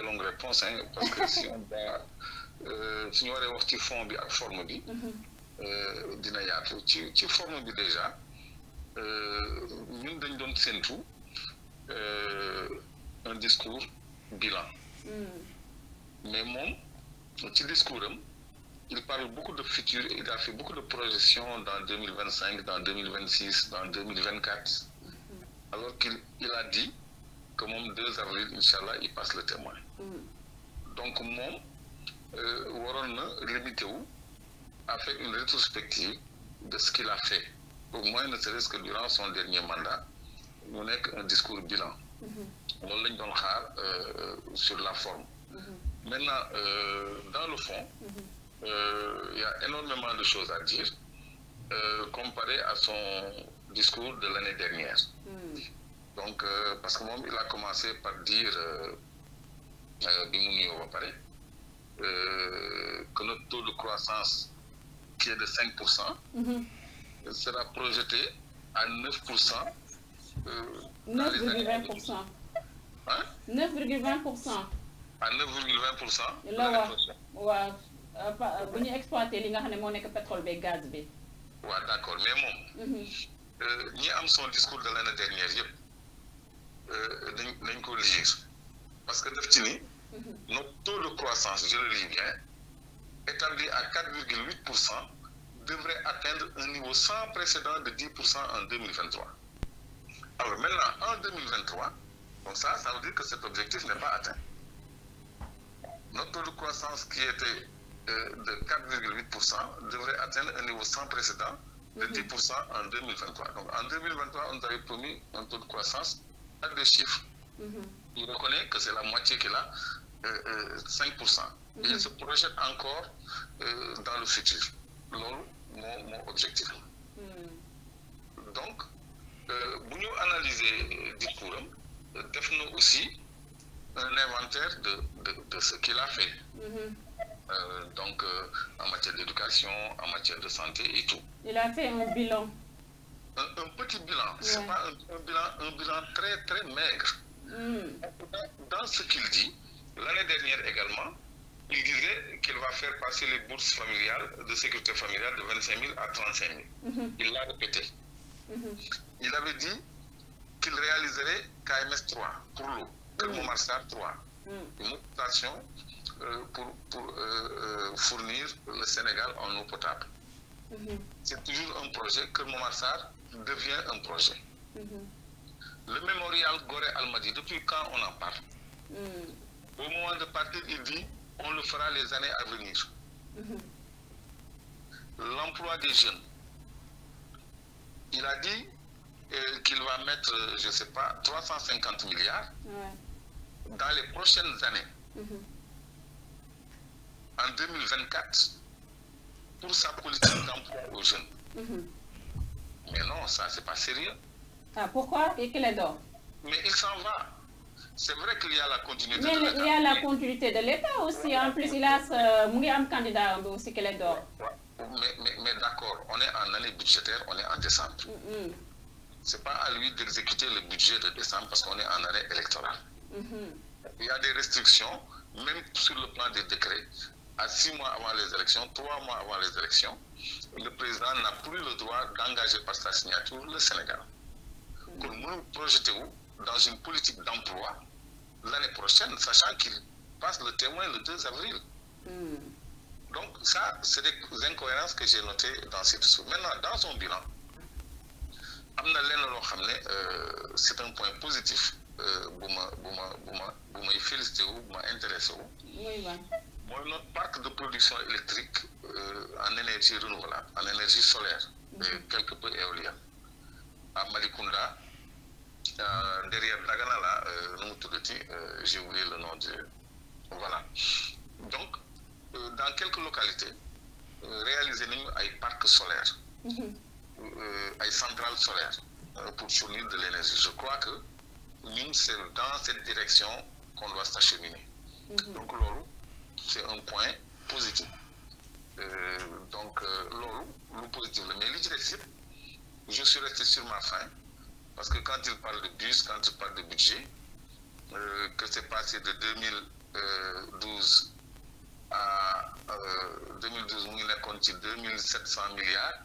longue réponse hein, parce que si on va euh, fond bi déjà un discours bilan. Mhm. mais mon petit discours il parle beaucoup de futur il a fait beaucoup de projections dans 2025, dans 2026, dans 2024, mhm. alors qu'il a dit que deux 2 avril Inch'Allah, il passe le témoin. Mm. donc mon euh, Warren na a fait une rétrospective de ce qu'il a fait au moins ne serait-ce que durant son dernier mandat nous n'est un discours bilan. Mm-hmm. On euh, sur la forme. Mm-hmm. maintenant euh, dans le fond. il mm-hmm. y a énormément de choses à dire comparé à son discours de l'année dernière. Mm donc euh, parce que il a commencé par dire euh, euh, bi que notre taux de croissance qui est de 5 mhm. sera projeté à 9 9,20 Hein? 9,20 à 9,20 Et là, ouais wax waaw les li nga pétrole gaz bi. d'accord. d'accord mais mais mhm. euh, nous am son discours de l'année dernière nañ euh, parce que Deftini, mhm. notre taux de croissance je le lis bien établi à 4,8% devrait atteindre un niveau sans précédent de 10% en 2023. alors maintenant en 2023, ça ça veut dire que cet objectif n'est pas atteint notre taux de croissance qui était euh, de 4,8% devrait atteindre un niveau sans précédent de 10% mhm. en 2023. donc en 2023, on avait promis un taux de croissance de chiffres. Mhm. Il reconnaît que c'est la moitié qu'il a, 5%. Il se projette encore euh, dans le futur. C'est mon, objectif. Mhm. Donc, nous euh, analyser du courant, nous aussi un inventaire de, de, de ce qu'il a fait. Mhm. Euh, donc, en matière d'éducation, en matière de santé et tout. Il a fait un bilan un, petit bilan. ce C'est pas un, bilan, un bilan très, très maigre. Hmm. Dans ce qu'il dit, l'année dernière également, il disait qu'il va faire passer les bourses familiales de sécurité familiale de 25 000 à 35 000. Hmm. Il l'a répété. Hmm. Il avait dit qu'il réaliserait KMS 3 pour l'eau, Kermomarsar 3, une mutation euh, pour, pour euh, euh, fournir le Sénégal en eau potable. C'est toujours un projet que devient un projet. Mhm. Le mémorial Goré Almadi, depuis quand on en parle mhm. Au moment de partir, il dit on le fera les années à venir. Mhm. L'emploi des jeunes. Il a dit euh, qu'il va mettre, euh, je ne sais pas, 350 milliards dans les prochaines années. En 2024, pour sa politique d'emploi aux jeunes. Mais non, ça, c'est pas sérieux. Ah, pourquoi Et qu'il est dort Mais il s'en va. C'est vrai qu'il y a la continuité de l'État. il y a la continuité de l'État aussi. En plus, il a ce candidat aussi qu'il est d'or. Mais, d'accord, on est en année budgétaire, on est en décembre. Mm, mm. C'est pas à lui d'exécuter le budget de décembre parce qu'on est en année électorale. Mm-hmm. Il y a des restrictions, même sur le plan des décrets à six mois avant les élections, trois mois avant les élections, le président n'a plus le droit d'engager par sa signature le Sénégal. Donc, hmm. nous projetez-vous dans une politique d'emploi l'année prochaine, sachant qu'il passe le témoin le 2 avril. Hmm. Donc ça, c'est des incohérences que j'ai notées dans cette source. Maintenant, dans son bilan, euh, c'est un point positif. Euh, pour me féliciter ou pour m'intéresser. Oui, moi, notre parc de production électrique euh, en énergie renouvelable en énergie solaire mhm. et quelque peu éolienne à Malikunda, euh, derrière Daganala, là euh, j'ai oublié le nom de voilà donc dans quelques localités réaliser nous un parc solaire, mhm. une centrale solaire pour fournir de l'énergie je crois que nous c'est dans cette direction qu'on doit s'acheminer mhm. donc l'eau c'est un point positif euh, donc euh, l'eau l'eau positif mais l'idée je suis resté sur ma faim parce que quand il parle de bus quand il parle de budget euh, que c'est passé de 2012 à 2012 on a compté 2700 milliards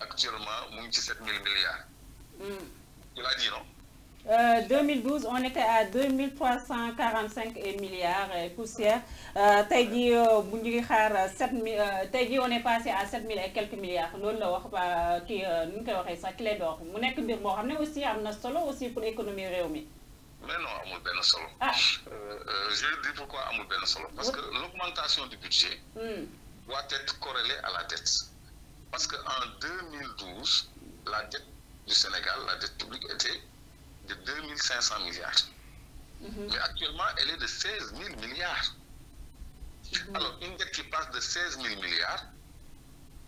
actuellement 27000 7000 milliards mm. il a dit non 2012, euh, on était à 2345 milliards de euh, poussière. Euh, euh on est passé à 7000 et quelques milliards. Nous avons dit que c'est clé d'or. Nous avons aussi un solo aussi pour l'économie réunie. Mais non, il n'y a pas solo. Ah. je dis pourquoi il n'y a solo. Parce que l'augmentation du budget hmm. doit être corrélée à la dette. Parce qu'en 2012, la dette du Sénégal, la dette publique était de 2500 milliards. Mm-hmm. Mais actuellement, elle est de 16 000 milliards. Mm-hmm. Alors, une dette qui passe de 16 000 milliards,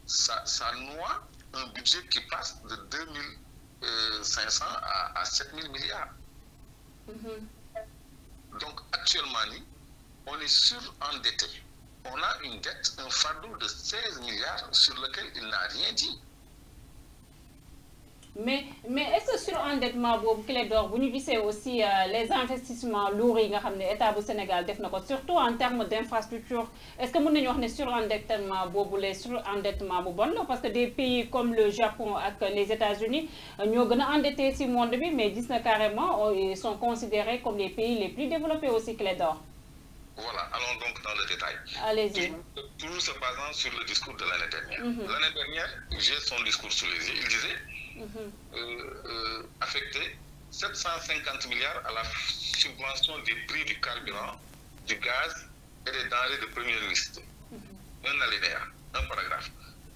ça, noie un budget qui passe de 2500 euh, à, à 7 000 milliards. Mm-hmm. Donc, actuellement, on est surendetté. On a une dette, un fardeau de 16 milliards sur lequel il n'a rien dit mais mais est-ce que sur-endettement, clé d'or vous visez aussi euh, les investissements lourds yi nga xamné état Sénégal def surtout en termes d'infrastructure est-ce que mën nañ sur endettement surendettement les endettement bu bon parce que des pays comme le Japon et les États-Unis nous ont endettés endetté ci monde bi mais gis carrément euh, ils sont considérés comme les pays les plus développés aussi clé d'or voilà, allons donc dans le détail. Allez-y. Euh, toujours se basant sur le discours de l'année dernière. Mhm. L'année dernière, j'ai son discours sous les yeux. Il disait mhm. euh, euh, affecter 750 milliards à la subvention des prix du carburant, du gaz et des denrées de première liste. Mhm. Un alinéa, un paragraphe.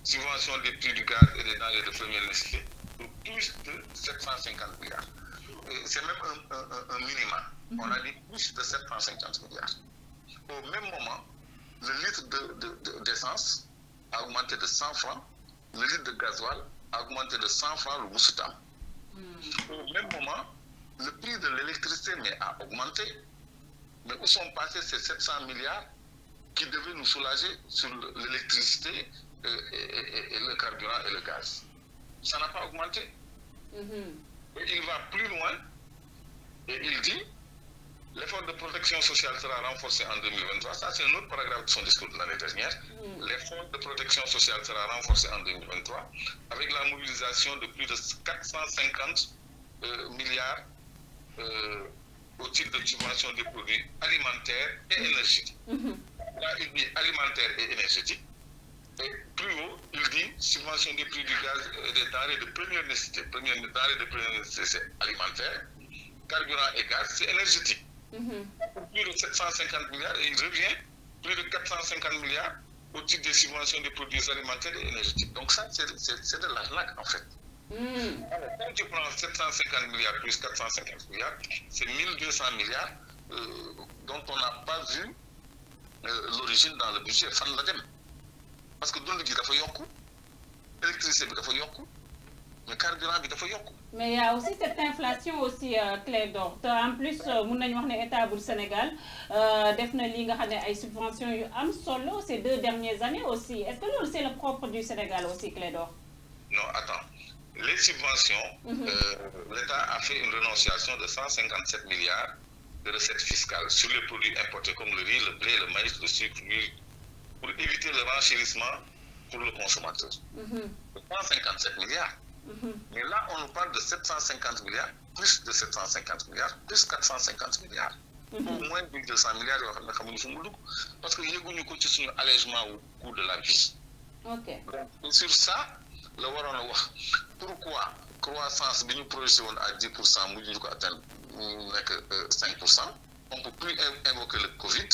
Subvention des prix du gaz et des denrées de première liste pour plus de 750 milliards. C'est même un minimum. On a dit plus de 750 milliards. Au même moment, le litre d'essence de, de, a augmenté de 100 francs, le litre de gasoil a augmenté de 100 francs le moussetam. Hmm. Au même moment, le prix de l'électricité a augmenté. Mais où sont passés ces 700 milliards qui devaient nous soulager sur l'électricité euh, et, le carburant et le gaz Ça n'a pas augmenté. Hmm. Il va plus loin et il dit L'effort de protection sociale sera renforcé en 2023. Ça, c'est un autre paragraphe de son discours de l'année dernière. Mm. L'effort de protection sociale sera renforcé en 2023 avec la mobilisation de plus de 450 euh, milliards euh, au titre de subvention des produits alimentaires et énergétiques. Mm-hmm. Là, il dit alimentaire et énergétique. Et plus haut, il dit subvention des prix du gaz et euh, des denrées de première nécessité. Première tarifs de première nécessité, c'est alimentaire. Carburant et gaz, c'est énergétique pour plus de 750 milliards et il revient plus de 450 milliards au titre des subventions des produits alimentaires et énergétiques. Donc ça, c'est de lac, en fait. Hmm. quand tu prends 750 milliards plus 450 milliards, c'est 1200 milliards euh, dont on n'a pas vu euh, l'origine dans le budget, Parce que donc, il faut yoku, l'électricité, il faut yoku, le carburant, il mais il y' a aussi cette inflation aussi euh, d'or en plus euh, nous avons wax état Sénégal euh, def na li subventions ces deux dernières années aussi est ce que nous c'est le propre du Sénégal aussi d'Or non attends les subventions. Mm-hmm. l'État a fait une renonciation de 157 milliards de recettes fiscales sur les produits importés comme le riz le blé le maïs le sucre pour éviter le renchérissement pour le consommateur. 157 mm-hmm. milliards. Mais là, on nous parle de 750 milliards, plus de 750 milliards, plus 450 milliards. Mhm. Au moins de 1200 milliards, parce que nous avons sur allègement au coût de la vie. Donc, sur ça, le Warren pourquoi croissance nous projection à 10%, nous atteindre 5%, euh, on ne peut plus invoquer le Covid,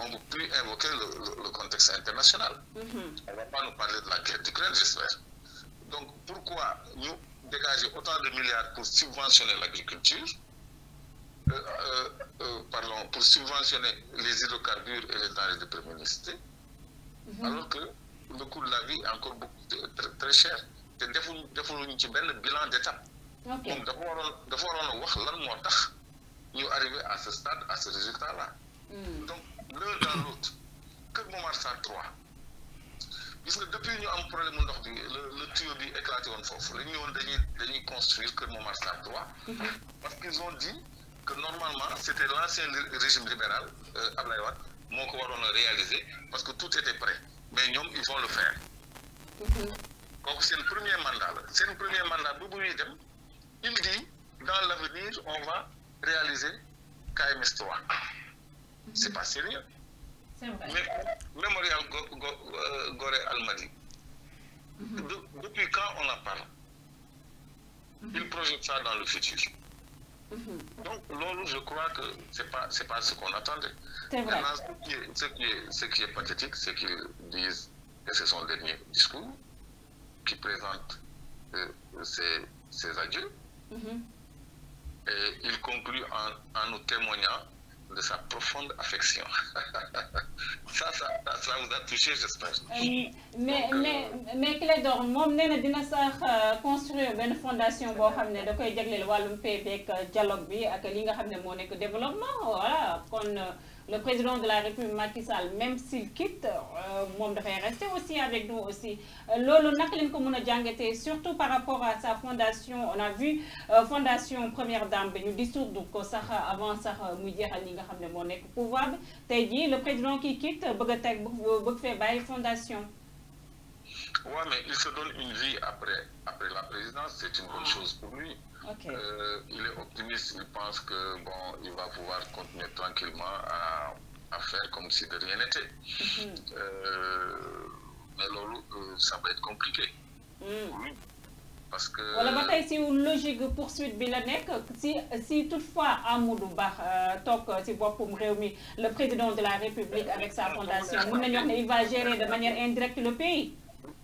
on ne peut plus invoquer le, contexte international. Mhm. On ne va pas nous parler de la guerre d'Ukraine, j'espère. Donc pourquoi nous dégager autant de milliards pour subventionner l'agriculture, euh, euh, euh, pardon, pour subventionner les hydrocarbures et les denrées de première mhm. alors que le coût de la vie est encore beaucoup, très, cher. C'est un defuñu ci bilan d'étape. Donc, d'abord, dafa voit dafa waroon nous wax à ce stade à ce résultat là. Hmm. donc l'un dans l'autre que ça 3 gis depuis ñu am problème ndox bi le le tuyau bi éclaté won foofu la ñu won dañuy dañuy construire Kër mon master 3. parce qu'ils ont dit que normalement c'était l'ancien régime libéral euh, Ablaye Wade moko a réaliser parce que tout était prêt mais nous, ils vont le faire. Donc c'est le premier mandat C'est le premier mandat bu dem il dit dans l'avenir on va réaliser KMS 3 c'est mhm. pas sérieux Memorial vrai mémorial euh, Gorée mm-hmm. depuis quand on en parle. Mm-hmm. il projette ça dans le futur. Mm-hmm. donc Lolo, je crois que ce pas pas ce qu'on attendait. vrai ce qui est ce qui est pathétique c'est qu'il disent et c'est son dernier discours qui présente euh, ses ses adieux. et il conclut en en nous témoignant de sa profonde affection. ça, ça, ça, vous a touché, j'espère. Euh, mais, mais, mais, mais euh, construire fondation euh, dialogue développement voilà le président de la République Macky Sall même s'il quitte il euh, devrait rester aussi avec nous aussi euh, Lolo surtout par rapport à sa fondation on a vu euh, fondation Première Dame Nous disons donc avant sax nga le président qui quitte fondation oui, mais il se donne une vie après, après la présidence, c'est une bonne ah. chose pour lui. Euh, il est optimiste, il pense que bon, il va pouvoir continuer tranquillement à, faire comme si de rien n'était. Mhm. Euh, mais alors, euh, ça va être compliqué. Mm. Oui. Parce que. Voilà, bataille, c'est une logique poursuite bilanek. Si, si toutefois Amoudou Bah, Tok, si Réumi, le président de la République avec sa fondation, il va gérer de manière indirecte le pays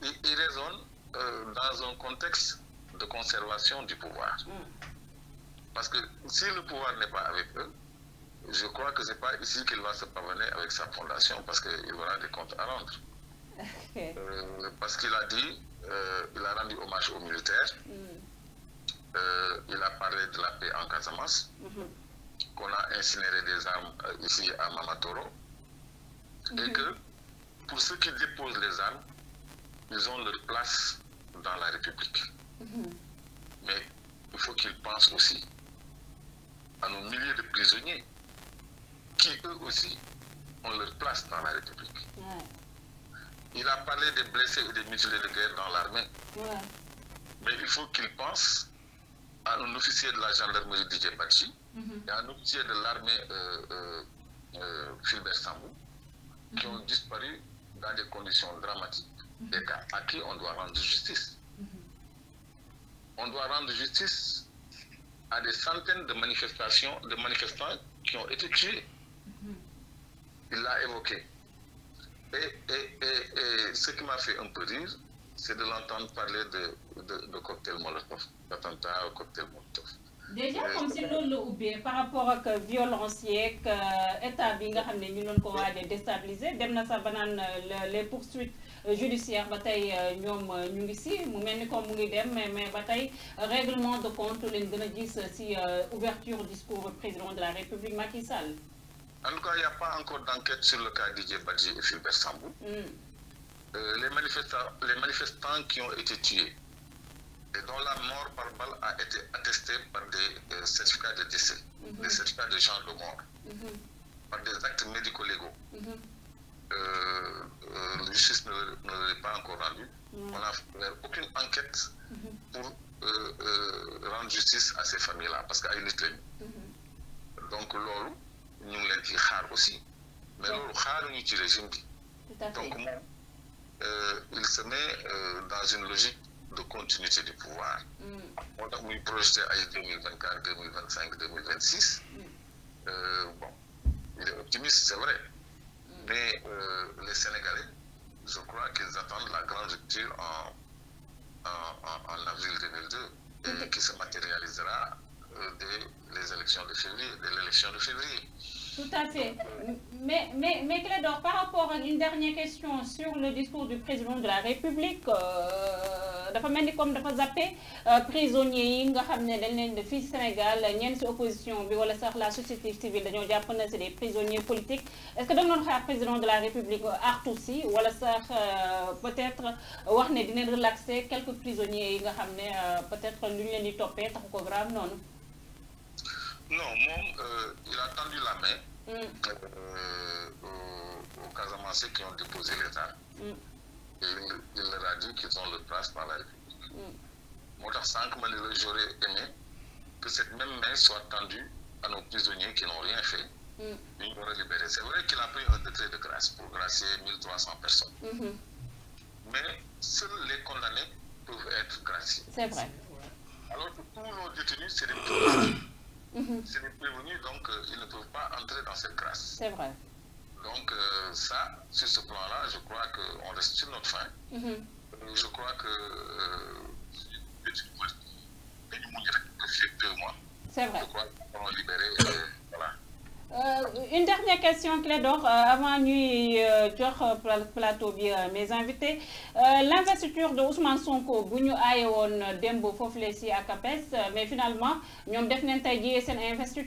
il, raisonne résonne euh, dans un contexte de conservation du pouvoir. Mm. Parce que si le pouvoir n'est pas avec eux, je crois que ce n'est pas ici qu'il va se parvenir avec sa fondation parce qu'il aura des comptes à rendre. Euh, parce qu'il a dit, euh, il a rendu hommage aux militaires, mm. il a parlé de la paix en Casamance, mm-hmm. qu'on a incinéré des armes ici à Mamatoro, et mm-hmm. que pour ceux qui déposent les armes, ils ont leur place dans la République. Mhm. Mais il faut qu'ils pensent aussi à nos milliers de prisonniers qui, eux aussi, ont leur place dans la République. Il a parlé des blessés ou des mutilés de guerre dans l'armée. Mais il faut qu'ils pensent à un officier de la gendarmerie DJ Bachi mhm. et à un officier de l'armée euh, euh, euh qui mhm. ont disparu dans des conditions dramatiques et à qui on doit rendre justice. Mm-hmm. On doit rendre justice à des centaines de manifestations, de manifestants qui ont été tués. Mm-hmm. Il l'a évoqué. Et, et, et, ce qui m'a fait un peu rire, c'est de l'entendre parler de, de, cocktail Molotov, d'attentat au cocktail Molotov. déjà euh, comme si nous l'oublions, par rapport à violence l'État, euh, état bi nga ñu ko déstabiliser euh, les poursuites judiciaire Bataille euh, ñom sommes euh, ñu ngi sommes comme mu ngi mais Bataille, règlement de compte l'indemnité euh, si ouverture discours président de la République Macky Sall. En tout cas, il n'y a pas encore d'enquête sur le cas DJ Badji et Philippe Sambou. Mm. les, manifestants, les manifestants qui ont été tués et dont la mort par balle a été attestée par des certificats de décès, mm-hmm. des certificats de gens de mort, mm-hmm. par des actes médico-légaux. Mm-hmm euh, justice euh, ne, l'est pas encore rendu. On n'a fait aucune enquête pour euh, euh, rendre justice à ces familles-là, parce qu'il une mhm. Donc, l'or, nous l'avons aussi. Mais l'or, nous le régime. Donc, euh, il se met dans une logique de continuité du pouvoir. Mm. On a projeté à 2024, 2025, 2026. bon, il est optimiste, c'est vrai. Mais euh, les Sénégalais, je crois qu'ils attendent la grande rupture en, en, avril 2002 et mhm. qui se matérialisera euh, dès les élections de février, l'élection de février. Tout à fait. Euh, mais, mais, mais Clédor, par rapport à une dernière question sur le discours du président de la République, dafa melni comme dafa zappé euh, prisonniers yi nga xamné dañ leen fii Sénégal ñenn ci opposition bi wala sax la société civile dañu japp na c'est des prisonniers politiques est-ce que da nga xaar président de la République artu si wala sax euh, peut-être wax ne dina relaxer quelques prisonniers yi nga xamné euh, peut-être lu leen di toppee taxu ko grave non non mon il a tendu la main. Mm. aux Casamançais qui ont déposé les armes. Mm il, leur a dit qu'ils ont leur place mm. dans la République. Moi, j'aurais aimé que cette même main soit tendue à nos prisonniers qui n'ont rien fait. Mm. Ils vont libérés. C'est vrai qu'il a pris un décret de grâce pour gracier 1300 personnes. Mm-hmm. Mais seuls les condamnés peuvent être graciés. C'est vrai. Alors que tous nos détenus, c'est des prévenus. Mm-hmm. C'est des prévenus, donc euh, ils ne peuvent pas entrer dans cette grâce. C'est vrai. Donc euh, ça, sur ce plan-là, je crois qu'on reste sur notre fin. mais -hmm. euh, je crois que euh, deux mois. C'est vrai. Je crois qu'on va libérer. Euh, voilà. une dernière question, Clédor, avant ñuy jox plateau bi mes invités l'investiture de Ousmane Sonko bu ñu Dembo woon Akapes, mais finalement nous def nañ tey investiture.